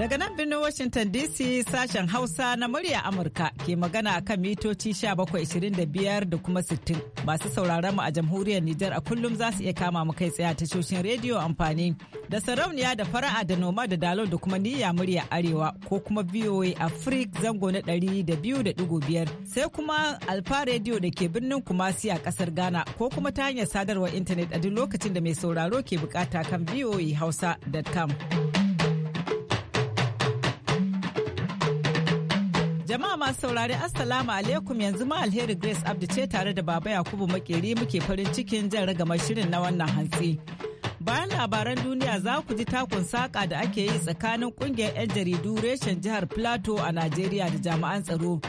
Daga nan birnin Washington DC sashen Hausa na murya Amurka ke magana kan mitoci 1725 da kuma 60. Masu sauraron mu a jamhuriyar Nijar a kullum za su iya kama mu kai tsaye a tashoshin rediyo amfani da sarauniya da fara'a da noma da dalo da kuma niyya murya arewa ko kuma VOA Africa zango na 200.5 sai kuma Alfa rediyo da ke birnin Kumasi a kasar Ghana ko kuma ta hanyar sadarwar intanet a duk lokacin da mai sauraro ke bukata kan voahausa.com. Jama'a masu saurari Assalamu alaikum yanzu ma alheri Grace Abdi ce tare da Baba Yakubu Makeri muke farin cikin jan ragamar shirin na wannan hantsi. Bayan labaran duniya za ku ji takun saƙa da ake yi tsakanin ƙungiyar 'yan jaridu reshen jihar Plateau a Najeriya da jami'an tsaro.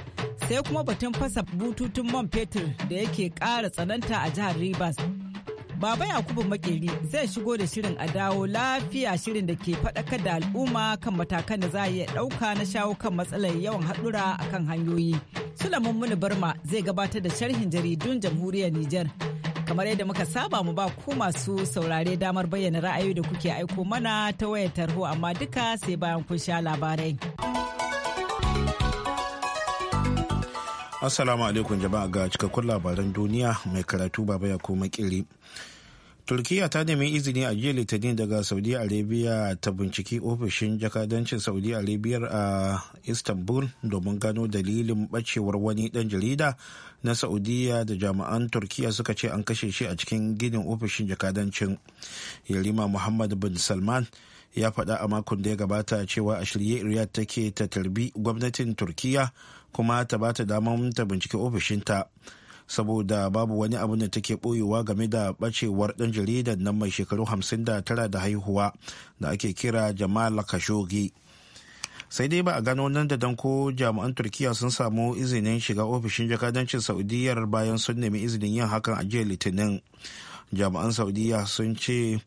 Sai kuma batun fasa bututun man fetur da yake ƙara tsananta a jihar Rivers. Baba Yakubu Makeri zai shigo da shirin a dawo lafiya shirin da ke faɗakar da al'umma kan matakan da za a iya ɗauka na shawo kan matsalar yawan haɗura a kan hanyoyi. Sulaiman Muni Barma zai gabatar da sharhin jaridun jamhuriyar Nijar. Kamar yadda muka saba mu ba ku masu saurare damar bayyana ra'ayoyi da kuke aiko mana ta wayar tarho amma duka sai bayan kun sha labarai. Assalamu alaikum jama'a ga cikakkun labaran duniya mai karatu baba ya koma kiri. turkiya ta nemi izini a jiya litinin daga saudi arabia ta binciki ofishin jakadancin saudi arabia a istanbul domin gano dalilin bacewar wani dan jarida na saudiya da jami'an turkiya suka ce an kashe shi a cikin ginin ofishin jakadancin yarima muhammad bin salman ya faɗa a makon da ya gabata cewa a shirye riyadh take ta tarbi gwamnatin turkiya kuma ta bata damar ta bincike ofishinta. ta saboda babu wani abin da take boyewa game da bacewar ɗan jaridar nan mai shekaru 59 da haihuwa da ake kira jamal khashoggi sai dai ba a gano nan da dan ko jami'an turkiya sun samu izinin shiga ofishin jakadancin saudiyyar bayan sun nemi izinin yin hakan a jiya litinin jami'an saudiyya sun ce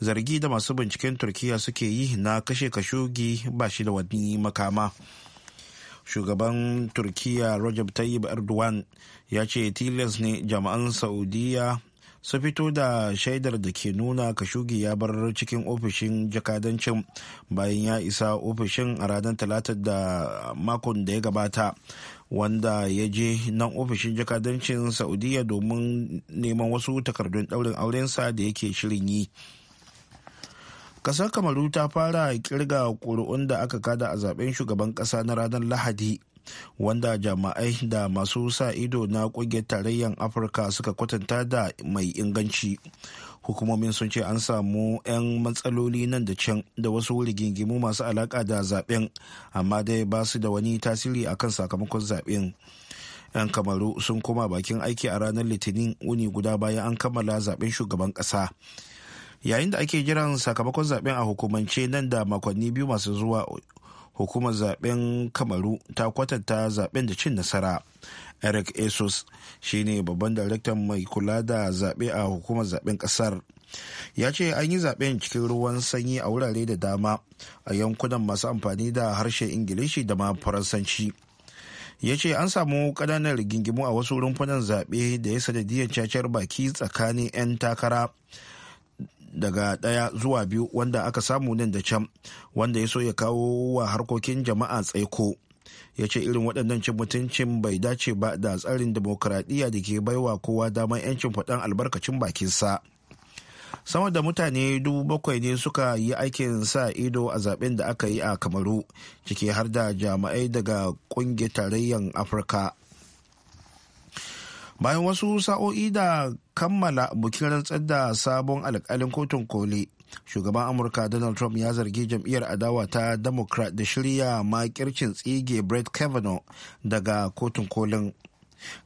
zargi da masu binciken turkiya suke yi na kashe kashogi ba shi da wani makama shugaban turkiya rajab tayyip erdogan ya ce tilas ne jama'an saudiya su fito da shaidar da ke nuna kashugi ya bar cikin ofishin jakadancin bayan ya isa ofishin a ranar talata da makon da ya gabata wanda ya je nan ofishin jakadancin saudiya domin neman wasu takardun daurin aurensa da yake shirin yi. Kasar Kamaru ta fara kirga ƙuri'un da aka kada a zaben shugaban kasa na ranar Lahadi wanda jama'ai da masu sa ido na kungiyar tarayyar afirka suka kwatanta da mai inganci hukumomin sun ce an samu 'yan matsaloli nan da can da wasu rigingimu masu alaka da zaben amma dai ba su da wani tasiri akan sakamakon zaben 'yan kamaru sun koma bakin aiki a ranar litinin wuni guda bayan an kammala zaben shugaban kasa. yayin da ake jiran sakamakon zaben a hukumance nan da makonni biyu masu zuwa hukumar zaben kamaru ta kwatanta zaben da cin nasara eric esos shine babban daraktan mai kula da zaɓe a hukumar zaben ƙasar ya ce an yi zaben cikin ruwan sanyi a wurare da dama a yankunan masu amfani da harshe ingilishi da ma faransanci ya ce an samu ƙananan rigingimu a wasu rumfunan zaɓe da ya sanadiyar cacar baki tsakanin 'yan takara daga ɗaya zuwa biyu wanda aka samu nan da can wanda ya so ya kawo wa harkokin jama'a tsaiko ya ce irin waɗannan cin mutuncin bai dace ba da tsarin demokuraɗiyya da ke baiwa kowa damar 'yancin faɗan albarkacin bakinsa sama da mutane dubu bakwai ne suka yi aikin sa ido a zaben da aka yi a kamaru ciki har da jami'ai daga ƙungiyar tarayyar afirka bayan wasu sa'o'i da kammala bukin rantsar da sabon alkalin kotun koli shugaban amurka donald trump ya zargi jam'iyyar adawa ta democrat da shirya makircin tsige brett kavanaugh daga kotun kolin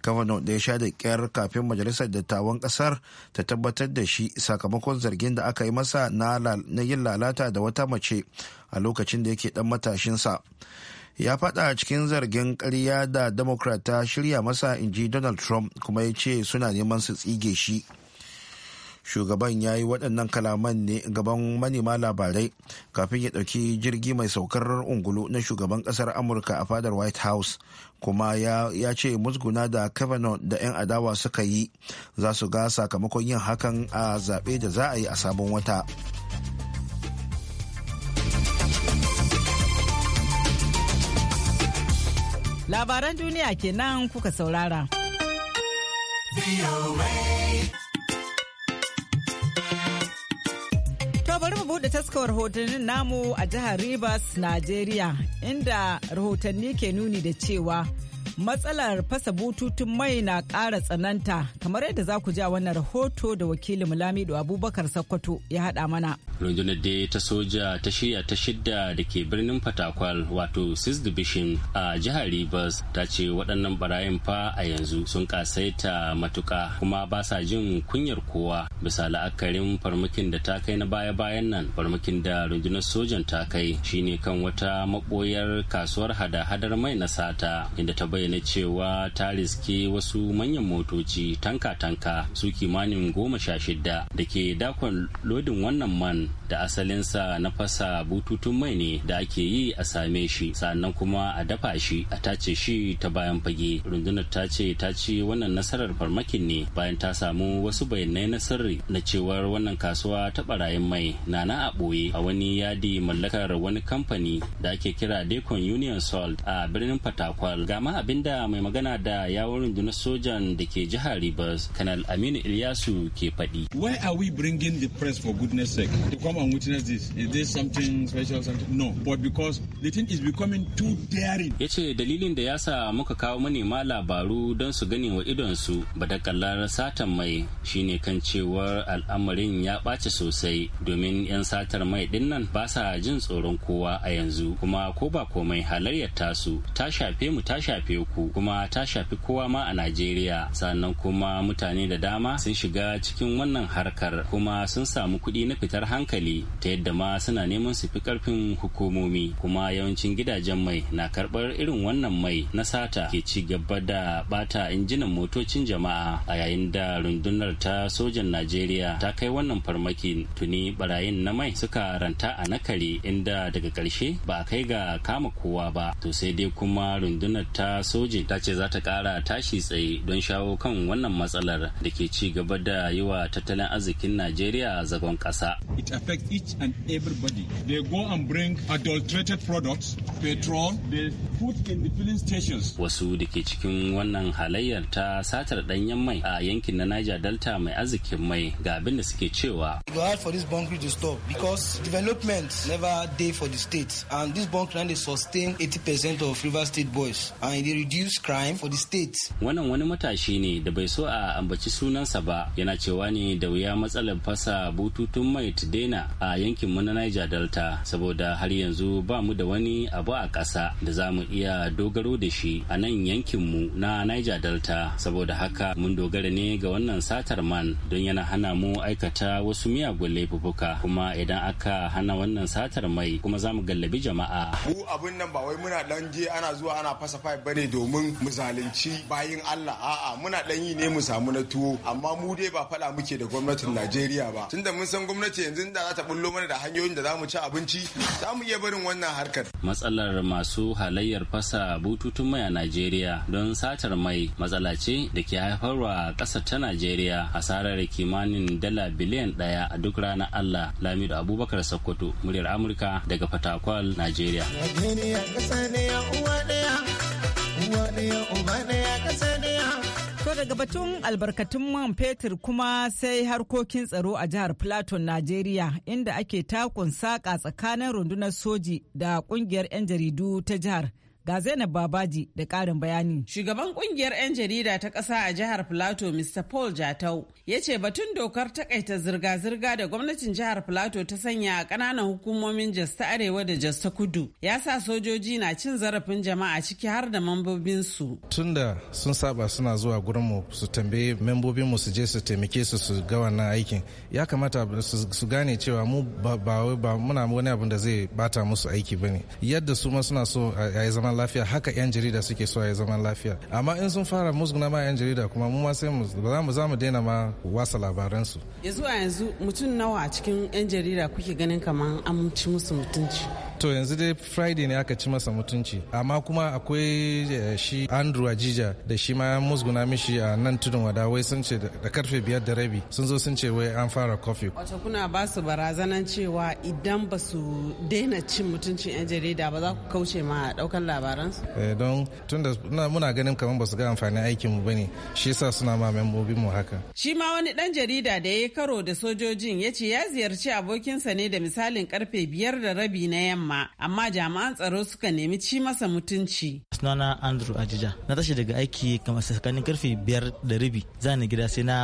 kavanaugh da ya sha da kyar kafin majalisar dattawan kasar ta tabbatar da shi sakamakon zargin da aka yi masa na yin lalata da wata mace a lokacin da yake dan matashinsa ya faɗa cikin zargin karya da democrat ta shirya masa inji donald trump kuma ya ce suna neman su tsige shi shugaban ya yi waɗannan kalaman ne gaban manema labarai kafin ya ɗauki jirgi mai saukar ungulu na shugaban ƙasar amurka a fadar white house kuma ya, ce musguna da kavanaugh da 'yan adawa suka yi za su ga sakamakon yin hakan a zaɓe da za a yi a sabon wata Labaran duniya kenan kuka saurara. bari mu bude taskawar rahotannin namu a jihar Rivers, Najeriya, inda rahotanni ke nuni da cewa matsalar fasa bututun mai na ƙara tsananta kamar yadda za ku ja wannan rahoto da wakilin lamido abubakar sakkwato ya haɗa mana rundunar daya ta soja ta shirya ta shidda da ke birnin fatakwal wato 6 division a jihar rivers ta ce waɗannan barayin fa a yanzu sun ƙasaita matuƙa kuma ba sa jin kunyar kowa bisa la'akarin farmakin da ta kai na baya-bayan nan farmakin da rundunar sojan ta kai shine kan wata maɓoyar kasuwar hada-hadar mai na sata inda ta bai bayyana cewa ta riske wasu manyan motoci tanka-tanka su kimanin goma sha shida da ke dakon lodin wannan man da asalinsa na fasa bututun mai ne da ake yi a same shi sannan kuma a dafa shi a tace shi ta bayan fage rundunar ta ce ta ci wannan nasarar farmakin ne bayan ta samu wasu bayanai na sirri na cewar wannan kasuwa ta barayin mai na na a ɓoye a wani yadi mallakar wani kamfani da ake kira Decon Union Salt a birnin Fatakwal ga ma abinda mai magana da yawon rundunar sojan da ke jihar Rivers Kanal Aminu Ilyasu ke faɗi. Why are we bringing the press for goodness sake to come and witness this. Is this something special? Something? No. But because the thing is becoming too daring. Ya ce dalilin da ya sa muka kawo manema labaru don su gani wa idonsu kallar satan mai shine kan cewar al'amarin ya ɓaci sosai domin 'yan satar mai nan ba sa jin tsoron kowa a yanzu kuma ko ba komai halayyar tasu ta shafe mu ta shafe ku kuma ta shafi kowa ma a Najeriya sannan kuma mutane da dama sun shiga cikin wannan harkar kuma sun samu kuɗi na fitar hankali hankali ta yadda ma suna neman su fi karfin hukumomi kuma yawancin gidajen mai na karɓar irin wannan mai na sata ke ci gaba da bata injinan motocin jama'a a yayin da rundunar ta sojan najeriya ta kai wannan farmaki tuni barayin na mai suka ranta a nakare inda daga karshe ba a kai ga kama kowa ba to sai dai kuma rundunar ta sojin ta ce za ta kara tashi tsaye don shawo kan wannan matsalar da ke ci gaba da yiwa tattalin arzikin najeriya zagon ƙasa. suspect each and everybody. They go and bring adulterated products, petrol, they put in the filling stations. Wasu da ke cikin wannan halayyar ta satar danyen mai a yankin na Niger Delta mai arzikin mai ga abin da suke cewa. It hard for this bunkery to stop because development never day for the state and this bunkery they sustain 80% of River State boys and they e reduce crime for the state. Wannan wani matashi ne da bai so a ambaci sunansa ba yana cewa ne da wuya matsalar fasa bututun mai ta daina a yankin mu na niger delta saboda har yanzu ba mu da wani abu a ƙasa da za mu iya dogaro da shi a nan yankin mu na niger delta saboda haka mun dogara ne ga wannan satar man don yana hana mu aikata wasu miyagun laifuka kuma idan aka hana wannan satar mai kuma za mu gallabi jama'a mu abin nan ba wai muna dan je ana zuwa ana fasa fai bane domin mu zalunci bayin allah a'a muna dan yi ne mu samu na tuwo amma mu dai ba faɗa muke da gwamnatin najeriya ba tunda mun san gwamnati yanzu da za ta bullo mana da hanyoyin da za mu ci abinci za mu iya barin wannan harkar. Matsalar masu halayyar fasa bututun mai a Najeriya don satar mai matsala da ke haifarwa ƙasa ta Najeriya hasarar kimanin dala biliyan ɗaya a duk ranar Allah Lamido Abubakar Sokoto muryar Amurka daga Fatakwal, Najeriya. Najeriya ƙasa ne uwa ɗaya, uwa ɗaya, uba ɗaya ƙasa daga batun albarkatun man fetur kuma sai harkokin tsaro a jihar Plateau, Najeriya, inda ake takun saƙa tsakanin rundunar soji da ƙungiyar 'yan jaridu ta jihar. Ga Zainab Babaji da ƙarin bayani. Shugaban kungiyar 'yan jarida ta ƙasa a jihar Filato Mr. Paul Jatau ya ce batun dokar takaita zirga-zirga da gwamnatin jihar Filato ta sanya a ƙananan hukumomin Jos ta Arewa da jasta Kudu ya sa sojoji na cin zarafin jama'a ciki har da tun Tunda sun saba suna zuwa gurinmu su tambaye mu su je su taimake su su ga wannan aikin ya kamata su gane cewa mu ba muna wani abin da zai bata musu aiki bane yadda su ma suna so a yi zama zaman lafiya haka yan jarida suke so ya zaman lafiya amma in sun fara musguna ma yan jarida kuma mu ma sai mu za mu za mu daina ma wasa labaran su yanzu a yanzu mutum nawa a cikin yan jarida kuke ganin kamar an ci musu mutunci to yanzu dai friday ne aka ci masa mutunci amma kuma akwai eh, shi andrew ajija da shi ma musguna mishi a nan tudun wada wai sun ce da karfe biyar da rabi sun zo sun ce wai an fara kofi wato kuna ba su barazanan cewa idan ba su daina cin mutuncin yan jarida ba za ku kauce ma daukan labarai labaransu eh, don tunda muna ganin kamar ba su ga amfani aikin mu bane shi yasa suna ma membobin mu haka shi ma wani dan jarida da ya yi karo da sojojin ya ce ya ziyarci abokinsa ne da misalin karfe biyar da rabi na yamma amma jami'an tsaro suka nemi ci masa mutunci sunana andrew ajija na tashi daga aiki kamar tsakanin karfe biyar da rabi zani gida sai na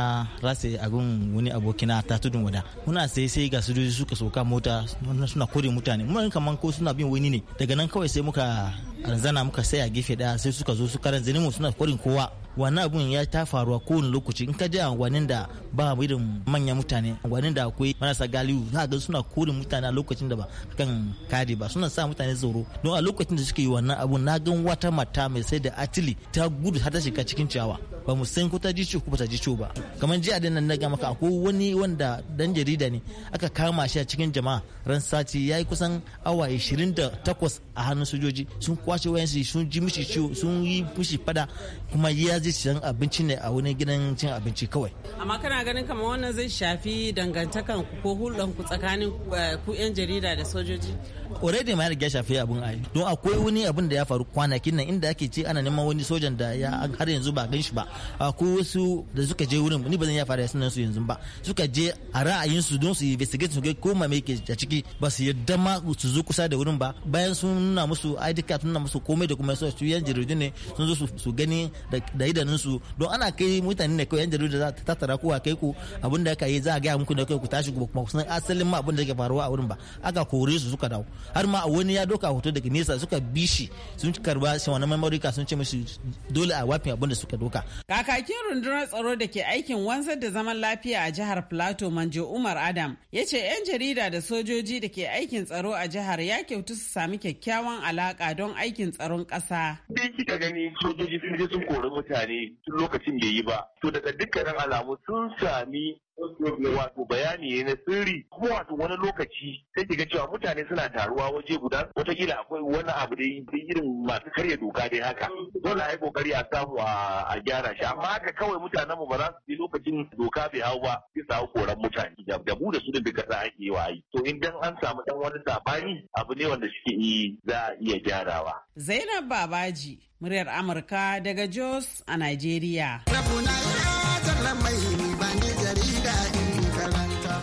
rasa abun wani abokina ta tudun wada muna sai sai ga sojoji suka soka mota suna kore mutane muna kaman ko suna bin wani ne daga nan kawai sai muka karanzana muka sai a gefe daya sai suka zo su zini mu suna korin kowa wannan abun ya ta faruwa kowane lokaci in ka je anguwannin da ba irin manyan mutane anguwannin da akwai marasa galihu za ga suna korin mutane a lokacin da ba kan kare ba suna sa mutane tsoro don a lokacin da suke yi wannan abun na gan wata mata mai sai da atili ta gudu har ta shiga cikin ciyawa ba mu san ko ta ji ciwo ko ta ji ciwo ba kamar jiya da nan na ga maka akwai wani wanda dan jarida ne aka kama shi a cikin jama'a ran sati ya yi kusan awa 28 a hannun sojoji sun kwashe wayansu sun ji mishi ciwo sun yi mishi fada kuma ya je siyan abinci ne a wani gidan cin abinci kawai amma kana ganin kama wannan zai shafi dangantakan ku ko hulɗan ku tsakanin eh, ku yan jarida da sojoji already ma ya shafi abun ayi don akwai wani abun da ya faru kwanakin nan inda ake ce ana neman wani sojan da ya har yanzu ba gan shi ba akwai wasu da suka je wurin ni ba zan ya fara sunan su yanzu ba suka je a ra'ayin su don su investigate su ga ko ma me ke a ciki ba su yarda ma su zo kusa da wurin ba bayan sun nuna musu ID card nuna musu komai da kuma su yan jaridu ne sun zo su gani da idanun su don ana kai mutane ne kai yan jaridu za ta tattara ko kai ku abin da aka yi za a gaya muku ne kai ku tashi ku kuma kusan asalin ma abin da ke faruwa a wurin ba aka kore su suka dawo har ma a wani ya doka hoto daga nesa suka bishi sun karba shi wannan memory card sun ce musu dole a wafin abin da suka doka kakakin rundunar tsaro da ke aikin wanzar da zaman lafiya a jihar Plateau Manjo Umar Adam ya ce yan jarida da sojoji da ke aikin tsaro a jihar ya kyautu su sami kyakkyawa. kyakkyawan alaka don aikin tsaron ƙasa. Sai kika gani sojoji sun je sun kori mutane tun lokacin bai yi ba. To daga dukkanin alamu sun sami wato bayani ne na sirri kuma wato wani lokaci sai ki ga cewa mutane suna taruwa waje guda Wataƙila akwai wani abu da irin masu karya doka dai haka dole a kokari a samu a gyara shi amma haka kawai mutanen mu ba za su je lokacin doka bai hau ba sai su hau mutane da mu da su da bika ake yi wa yi to idan an samu dan wani sabani abu ne wanda suke yi za a iya gyarawa. Zainab Babaji muryar Amurka daga Jos a Najeriya.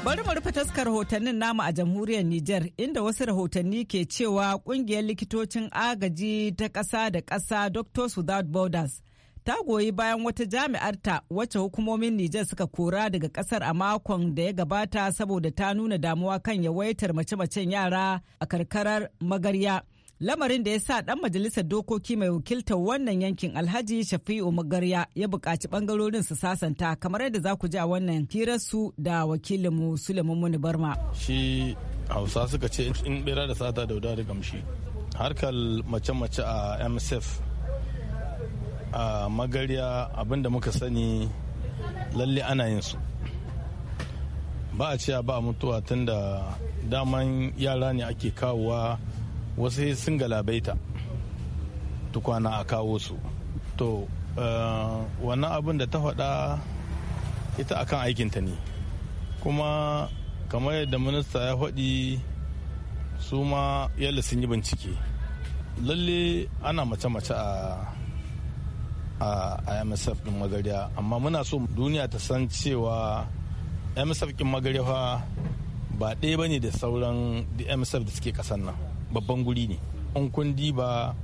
Bari mu rufe taskar rahotannin namu a jamhuriyar Nijar inda wasu rahotanni ke cewa kungiyar likitocin agaji ta ƙasa da ƙasa Doctors Without Borders ta goyi bayan wata jami'arta wacce hukumomin Nijar suka kora daga ƙasar a makon da ya gabata saboda ta nuna damuwa kan yawaitar mace-macen yara a karkarar magarya. lamarin da ya sa dan majalisar dokoki mai wakiltar wannan yankin alhaji shafi'u magarya ya buƙaci bangarorin su sasanta kamar yadda za ku ji a wannan hirarsu da wakilinmu suleiman muni barma shi hausa suka ce in bera da sata da wuda da gamshi harkar mace-mace a msf a magarya abinda muka sani lalle ana yin su ba a cewa ba a mutuwa tunda daman yara ne ake kawowa wasu sun galabaita tukwana a kawo su to eh, wannan abin da ta faɗa ita akan aikinta ne kuma kamar yadda minista ya faɗi su ma yalla sun yi bincike lalle ana mace-mace a a msf din magariya amma muna so duniya ta san cewa msf din magariya ba ɗaya ba ne da sauran msf da suke ƙasar nan babban guri ne an kun diba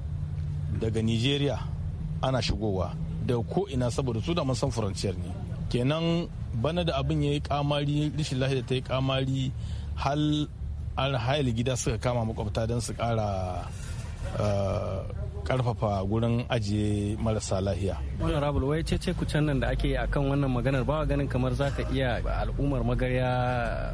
daga nigeria ana shigowa da ko ina saboda su da san furanciyar ne kenan bana da abin ya yi kamari rishin lafiya ta yi kamari hal alhail gida suka kama makwabta don su kara eh, karfafa gurin ajiye marasa lahiya. Wani rabul wai ce ku can nan da ake akan wannan maganar ba ganin kamar za ka iya al'ummar magarya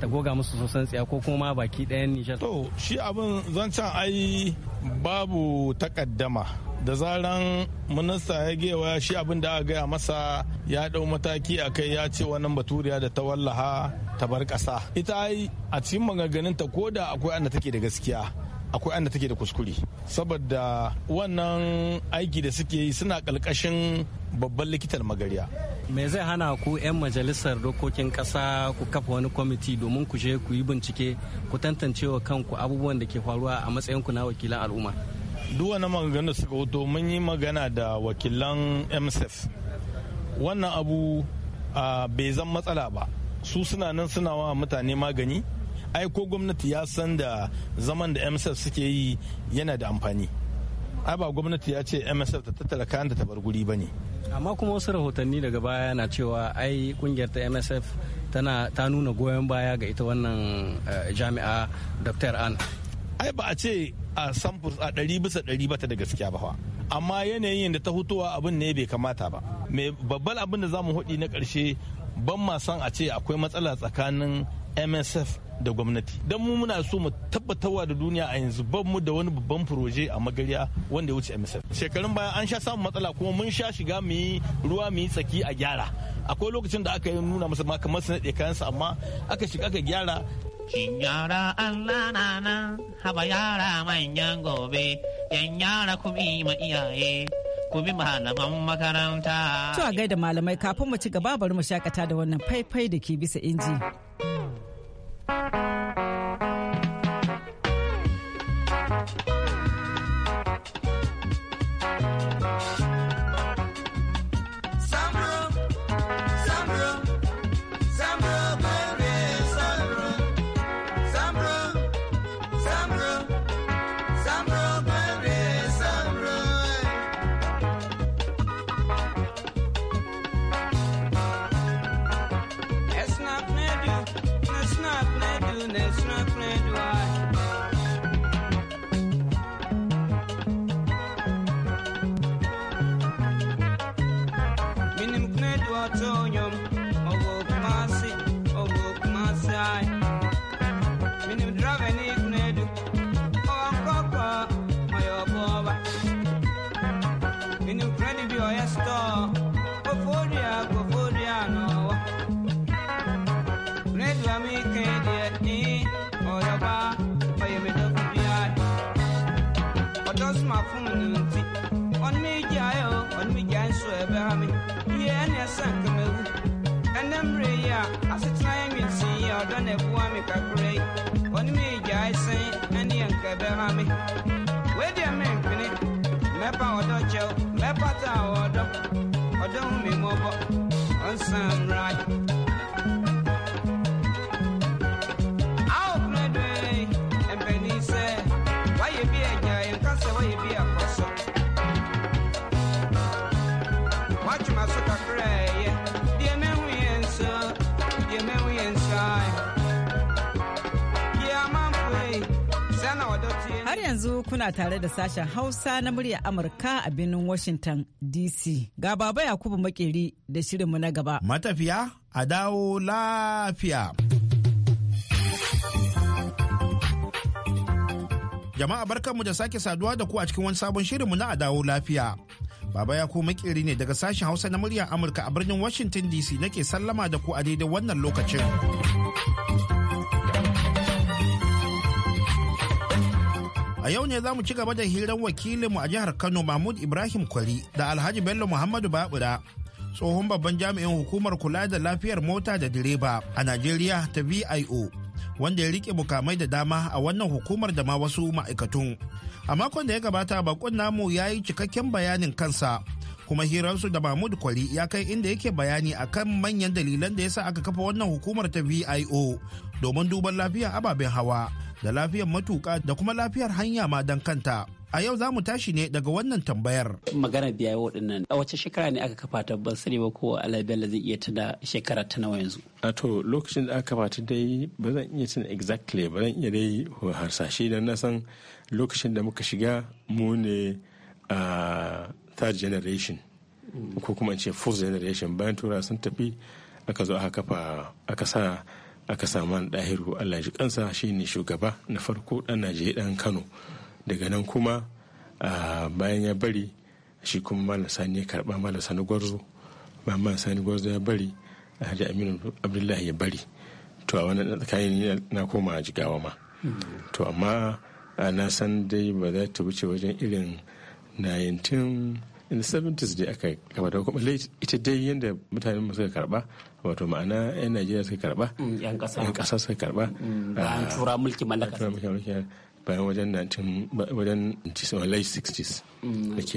ta goga musu sosan tsiya ko kuma baki ɗayan nishar. To shi abin zancen ai babu takaddama da zaran minista ya gewa shi abin da aka gaya masa ya ɗau mataki a kai ya ce wannan baturiya da ta wallaha ta bar ƙasa ita ai a cikin maganganun ta da akwai anda take da gaskiya akwai anda take da kuskure saboda wannan aiki da suke yi suna ƙalƙashin babban likitan magariya me zai hana ku 'yan majalisar dokokin ƙasa ku kafa wani kwamiti domin ku je ku yi bincike ku tantance wa kanku abubuwan da ke faruwa a matsayinku na wakilan al'umma duk wani da suka wuto mun yi magana da wakilan msf wannan abu ah, bai zan matsala ba su suna nan suna wa mutane magani ai ko gwamnati ya san da zaman da msf suke yi yana da amfani ai ba gwamnati ya ce msf ta tattara kayan da ta bar guri ba ne amma kuma wasu rahotanni daga baya na cewa ai kungiyar ta msf tana ta nuna goyon baya ga ita wannan eh, jami'a dr an ai ba a ce a samfur a ɗari bisa ɗari bata da gaskiya ba amma yanayin da ta hutuwa abin ne bai kamata ba mai babban abin da za mu hudi na ƙarshe ban ma san a ce akwai matsala tsakanin msf da gwamnati don mu muna so mu tabbatarwa da duniya a yanzu ban mu da wani babban furoje a magarya wanda ya wuce msf shekarun baya an sha samun matsala kuma mun sha shiga mu yi ruwa mu yi tsaki a gyara akwai lokacin da aka yi nuna masa ma kamar su naɗe kayansa amma aka shiga aka gyara kin yara Allah na nan haba yara manyan gobe yan yara ku bi ma iyaye ku bi malaman makaranta. Tuwa gaida malamai kafin mu ci gaba bari mu shakata da wannan faifai da ke bisa inji. yanzu kuna tare da sashen Hausa na murya Amurka a birnin Washington DC. Ga Baba Yakubu Makeri da shirinmu na gaba. Matafiya a dawo lafiya. Jama'a barkanmu da sake saduwa da ku a cikin wani sabon shirinmu na a dawo lafiya. Baba yakubu makeri ne daga sashen Hausa na muryar Amurka a birnin Washington DC nake sallama da ku a daidai wannan lokacin. A yau ne za mu ci gaba da hirar wakilinmu a jihar Kano Mahmud Ibrahim Kwari da Alhaji Bello Muhammadu Babura tsohon babban jami'in hukumar kula da lafiyar mota da direba a Najeriya ta VIO wanda ya rike mukamai da dama a wannan hukumar da ma wasu ma'aikatun. A makon da ya gabata bakon namu ya yi cikakken bayanin kansa kuma hiransu da mahmud kwali ya kai inda yake bayani akan manyan dalilan da ya sa aka kafa wannan hukumar ta vio domin duban lafiyar ababen hawa da lafiyar matuka da kuma lafiyar hanya ma dan kanta a yau za mu tashi ne daga wannan tambayar. Magana biya yau dinnan a wace shekara ne aka kafa ta ban sani ba ko da zai iya tuna shekara ta nawa yanzu. A to lokacin da aka kafa ta dai ba zan iya tuna exactly ba zan iya dai harsashe da na san lokacin da muka shiga mu ne ah, third generation ko kuma in ce fourth generation bayan tura sun tafi aka zo aka kafa aka sa aka samu ɗahiru allah ji kansa shine shugaba na farko dan najeriya ɗan kano daga nan kuma bayan ya bari shi kuma malam sani ya karba malam sani gwarzo bayan malam sani gwarzo ya bari alhaji aminu abdullahi ya bari to a wani tsakanin na koma jigawa ma hmm. to amma na san dai ba za ta wuce wajen irin 19 in the 70s da aka kama da kuma ita dai yadda mutanen mu suka karba wato ma'ana yan najeriya suka karba yan mm, kasa suka karba mm, ah, bayan tura mulki mallaka bayan wajen 1960s mm, da ke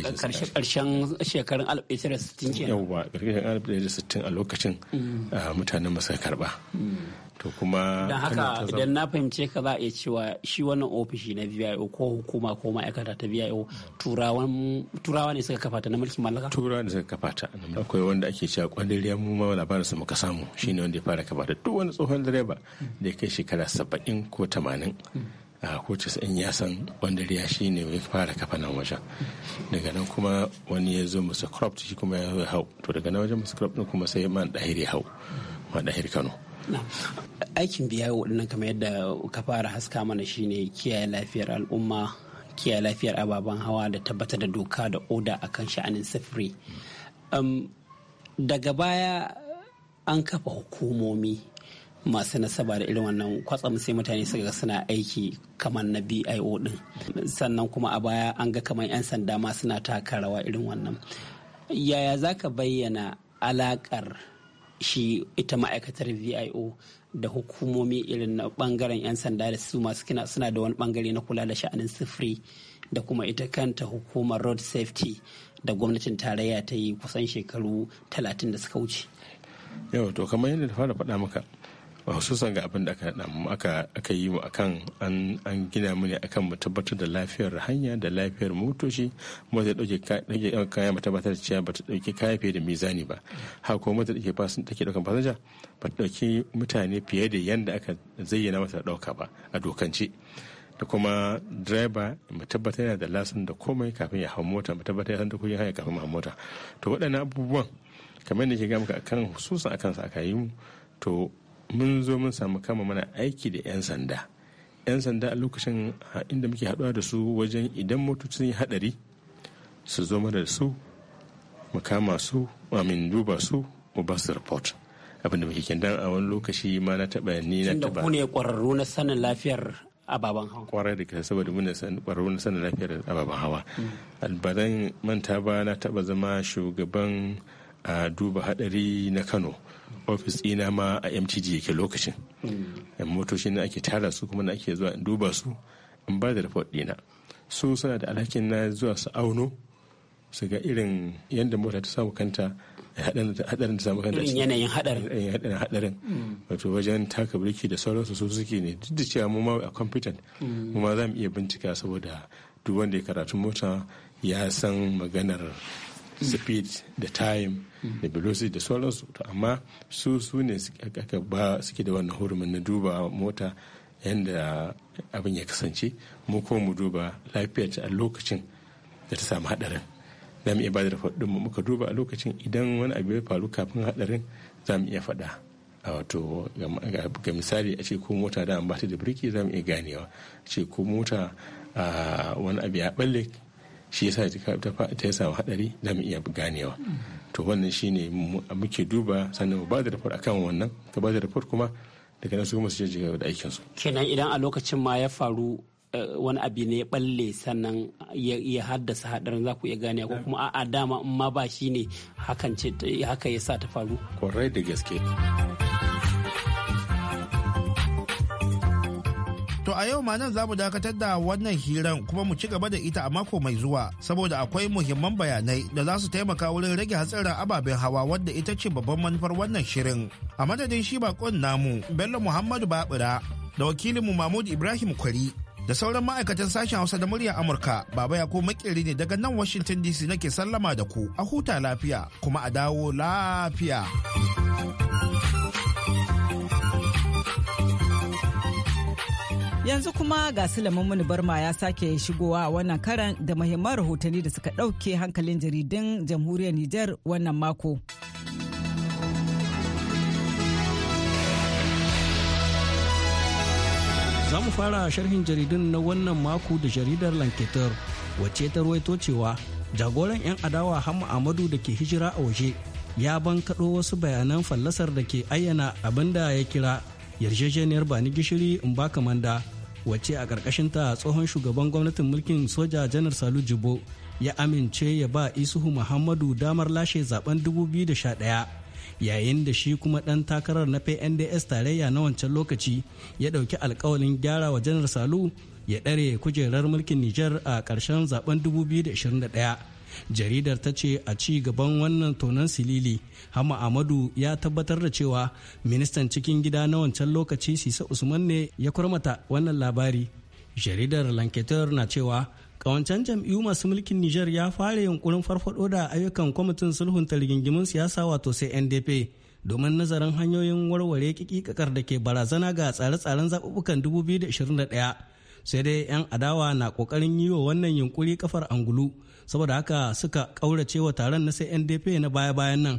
karshen shekarun 1960 yawwa karshen 1960 a lokacin ah, mutanen mu suka karba to kuma don haka idan na fahimce ka za a iya cewa shi wannan ofishi na VIO ko hukuma ko ma'aikata ta VIO turawa ne suka kafa ta na mulkin mallaka turawa ne suka kafa ta akwai wanda ake cewa kwandiriyar mu ma labarin su muka samu mm. shine wanda ya fara kafa ta duk wani tsohon direba da ya kai shekara saba'in ko tamanin mm. a kowace sa'in ya san kwandariya shi ne ya fara kafa nan wajen daga nan kuma wani ya zo musu crop shi kuma ya hau to daga nan wajen musu crop kuma sai man ɗahir hau mm. man ɗahir kano Aikin biyawo waɗannan kamar yadda ka fara haska mana shine kiyaye lafiyar al'umma, kiyaye lafiyar ababen hawa da tabbatar da doka da oda akan sha'anin sufuri. daga baya an kafa hukumomi masu nasaba da irin wannan kwatsam sai mutane suka ga suna aiki kamar na bio din sannan kuma a baya an ga kamar 'yan sanda ma suna taka rawa irin wannan yaya za ka bayyana alakar shi ita ma'aikatar vio da hukumomi irin na bangaren 'yan sanda da su masu kina suna da wani bangare na kula da sha'anin sufuri da kuma ita kanta hukumar road safety da gwamnatin tarayya ta yi kusan shekaru talatin da suka wuce yau to kamar yadda fara faɗa maka hususan ga abin da aka yi akan an gina mu ne akan mu tabbatar da lafiyar hanya da lafiyar motoci kuma ta dauke kaya mu tabbatar da cewa ba ta dauke kaya fiye da mizani ba haka kuma mata take fasin take daukan fasinja ba ta ɗauki mutane fiye da yanda aka zayyana mata dauka ba a dokance da kuma direba mu tabbatar da lasin da komai kafin ya hau mota mu tabbatar da kuɗin hanya kafin hau mota to waɗannan abubuwan kamar da ke ga muka akan hususan akan sa aka yi mu to mun zo mun samu kama mana aiki da 'yan sanda 'yan sanda a lokacin inda muke haɗuwa da su wajen idan motocin yi haɗari su zo mana da su mu kama su amin duba su mu ba su report abinda muke kendan a wani lokaci ma na taɓa ni na taɓa ku ne ƙwararru na sanin lafiyar ababen hawa kwarai da kasa saboda muna kwararru na sanin lafiyar ababen hawa mm. albaran manta ba na taba zama shugaban a duba hadari na kano ofis ɗina ma a mtg yake lokacin hmm. motoci na ake tara su kuma na ake zuwa in duba su in ba da report dina su suna da alhakin na zuwa su auno su ga irin yadda mota ta samu kanta hadarin ta samu kanta yanayin hadarin hadarin hmm. wato wajen taka birki da sauransu su suke ne duk da cewa mu ma a competent hmm. mu ma za mu iya bincika saboda duk wanda ya karatu mota ya san maganar speed da time da velocity da sauransu to amma su su ne suke da wannan hurumin na duba mota yadda abin ya kasance mu ko mu duba lafiyarta a lokacin da ta samu hadarin za mu iya bada da mu muka duba a lokacin idan wani abu ya faru kafin hadarin za mu iya faɗa a wato ga misali a ce ko mota da ba ta da birki za mu iya ganewa a ce ko mota ah, wani abu ya balle shi yasa ta ya wa hadari da mu iya ganewa to wannan shine muke duba sannan mu ba da rapport akan wannan ka ba da rapport kuma daga nan su kuma su je da aikin su kenan idan a lokacin ma ya faru eh, wani abu ne ya balle sannan ya haddasa hadarin za ku iya gane ko kuma a'a dama in ma ba shi ne hakan ce haka ya sa ta faru kwarai da gaske a yau ma nan za mu dakatar da wannan hiran kuma mu ci gaba da ita a mako mai zuwa saboda akwai muhimman bayanai da za su taimaka wurin rage hatsarin ababen hawa wadda ita ce babban manufar wannan shirin. A madadin shi bakon namu Bello Muhammadu Babura da wakilinmu Mahmud Ibrahim Kwari da sauran ma'aikatan sashen Hausa da murya Amurka Baba ya ko makeri ne daga nan Washington DC nake sallama da ku a huta lafiya kuma a dawo lafiya. Yanzu kuma ga Sulaiman Barma ya sake shigowa wannan karan da muhimman rahotanni da suka ɗauke hankalin jaridun jamhuriyar Nijar wannan mako. Za mu fara sharhin jaridun na wannan mako da jaridar Lanketer wacce ta ruwaito cewa jagoran 'yan adawa Hamma Amadu da ke hijira a waje ya bankaɗo wasu bayanan fallasar da ke ayyana abin da ya kira yarjejeniyar bani gishiri in ba manda wacce a ta tsohon shugaban gwamnatin mulkin soja janar salu jibo ya amince ya ba isuhu muhammadu damar lashe zaben 2011 yayin da shi kuma ɗan takarar na pnds tarayya na wancan lokaci ya ɗauki alkawalin gyara wa janar salu ya ɗare kujerar mulkin niger a ƙarshen zaben 2021 jaridar ta ce a ci gaban wannan tonon silili hama amadu ya tabbatar da cewa ministan cikin gida na wancan lokaci sisa usman ne ya kurmata wannan labari jaridar lanketer na cewa kawancan jam'iyyu masu mulkin niger ya fara yunkurin farfado da ayyukan kwamitin sulhun rigingimin siyasa wato sai ndp domin nazarin hanyoyin warware kikikakar da ke barazana ga tsare-tsaren zaɓuɓɓukan 2021 sai dai 'yan adawa na kokarin yi wa wannan yunkuri kafar angulu saboda haka suka kaurace wa taron na ndp na baya-bayan nan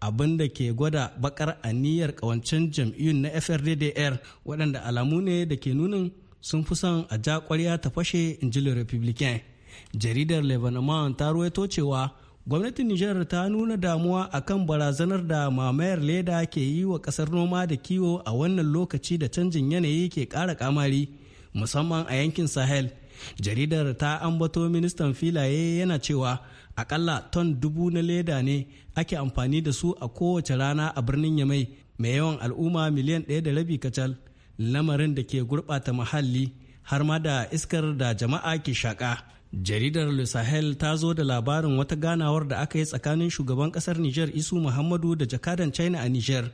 abin da ke gwada bakar aniyar kawancen jam'iyyun na frddr waɗanda alamu ne da ke nunin sun fi son a ja kwarya ta fashe in ji republican jaridar lebanon ta ruwaito cewa gwamnatin nijar ta nuna damuwa akan barazanar da mamayar leda ke yi wa kasar noma da kiwo a wannan lokaci da canjin yanayi ke ƙara kamari musamman a yankin Sahel. Jaridar ta ambato ministan filaye yana cewa akalla ton dubu na leda ne ake amfani da su a kowace rana a birnin Yamai mai yawan al'umma miliyan ɗaya da rabi kacal lamarin da ke gurɓata muhalli har ma da iskar da jama'a ke shaƙa. jaridar le sahel ta zo da labarin wata ganawar da aka yi tsakanin shugaban ƙasar niger isu muhammadu da jakadan china a niger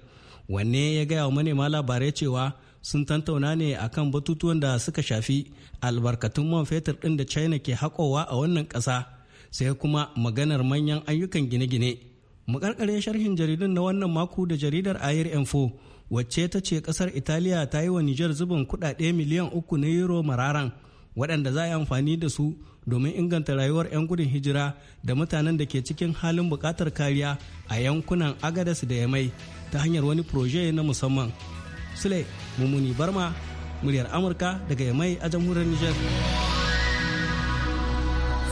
wanne ya gaya wa manema labarai cewa sun tantauna ne a kan batutuwan da suka shafi albarkatun man fetur ɗin da china ke haƙowa a wannan ƙasa sai kuma maganar manyan ayyukan gine-gine makarkare sharhin jaridun na wannan mako da jaridar ayer info wacce ta ce ƙasar italiya ta yi wa nijar zubin kuɗaɗe miliyan uku na euro mararan waɗanda za a yi amfani da su domin inganta rayuwar 'yan gudun hijira da mutanen da ke cikin halin buƙatar kariya a yankunan agadas da yamai ta hanyar wani na musamman sule mummuni barma muryar amurka daga yamai a jamhuriyar niger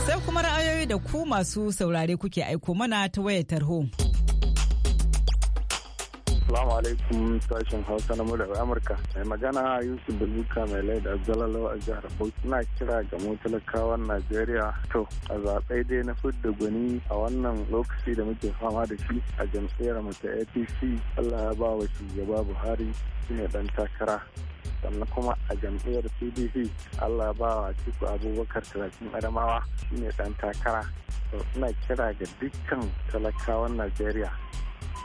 sai kuma ra'ayoyi da ku masu saurare kuke aiko mana ta wayar tarho. Assalamu alaikum sashen Hausa na murar Amurka. Mai magana Yusuf Bazuka mai laida Zalalo a jihar Bauchi. na kira ga mu Najeriya. To, a zaɓe dai na da gwani a wannan lokaci da muke fama da shi a jam'iyyar mu ta APC. Allah ya ba wa shugaba Buhari ne ɗan takara. sannan kuma a jam'iyyar pdp allah ya ba wa ciku abubakar talatin adamawa ne ɗan takara To ina kira ga dukkan talakawan najeriya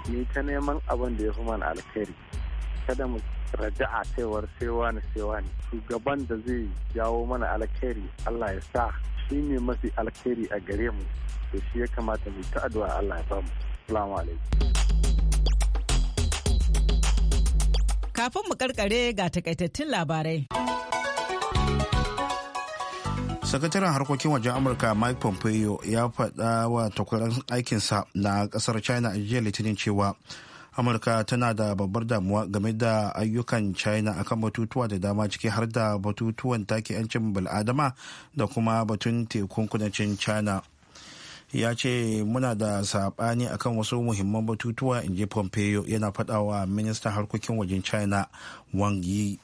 ni ta neman abin da ya fi mana alkhairi kada mu raja'a cewar sewa ne sewa ne shugaban da zai jawo mana alkhairi Allah ya sa shi ne mafi alkhairi a gare mu to shi ya kamata mu ta addu'a Allah ya bamu assalamu alaikum kafin mu karkare ga takaitattun labarai sakataren harkokin wajen amurka mike pompeo ya faɗa wa takwarar aikinsa na ƙasar china a jiya litinin cewa amurka tana da babbar damuwa game da ayyukan china akan batutuwa da dama ciki har da batutuwan take 'yancin bil'adama da kuma batun tekun kudancin china ya ce muna da saɓani akan wasu muhimman batutuwa in ji pompeo yana faɗawa ministan harkokin wajen china wang yi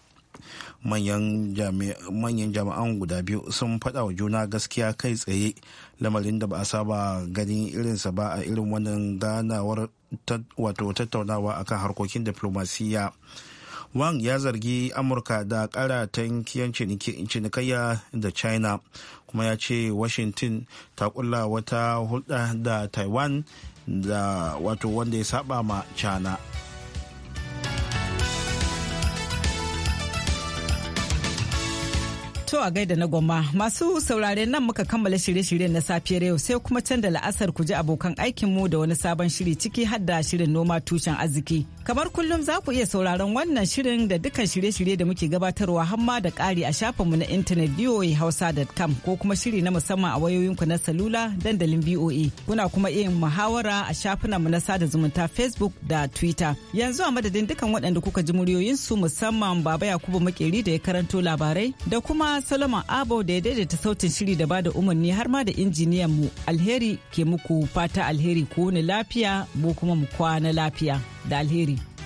manyan jami'an guda biyu sun faɗa wa juna gaskiya kai tsaye lamarin da ba a saba ganin irinsa ba a irin wannan ganawar wato tattaunawa akan harkokin diplomasiyya wang ya zargi amurka da kara tankiyan cinikayya da china kuma ya ce washington ta kulla wata hulɗa da taiwan da wato wanda ya saba ma china To a gaida na goma masu saurare nan muka kammala shirye-shiryen na safiyar yau sai kuma canza la'asar ku ji abokan aikin mu da wani sabon shiri ciki har da shirin noma tushen arziki. Kamar kullum za ku iya sauraron wannan shirin da dukkan shirye-shirye da muke gabatarwa hamma da ƙari a shafinmu na intanet hausa.com ko kuma shiri na musamman a wayoyinku na salula dandalin voa. Kuna kuma iya yin muhawara a shafinanmu na sada zumunta Facebook da Twitter. Yanzu a madadin dukkan waɗanda kuka ji muryoyin su musamman Baba Yakubu Makeri da ya karanto labarai da kuma kuma Solomon Abo da ya daidaita sautin shiri da bada umarni har ma da injiniyan mu alheri ke muku fata alheri ko na lafiya mu kuma mu kwana lafiya da alheri.